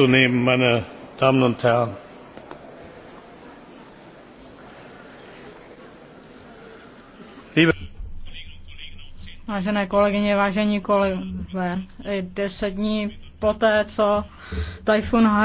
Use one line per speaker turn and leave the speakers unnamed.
zu nehmen meine damen und herren!
Vážené
kolegyně, vážení kolegové, deset dní poté, co tajfun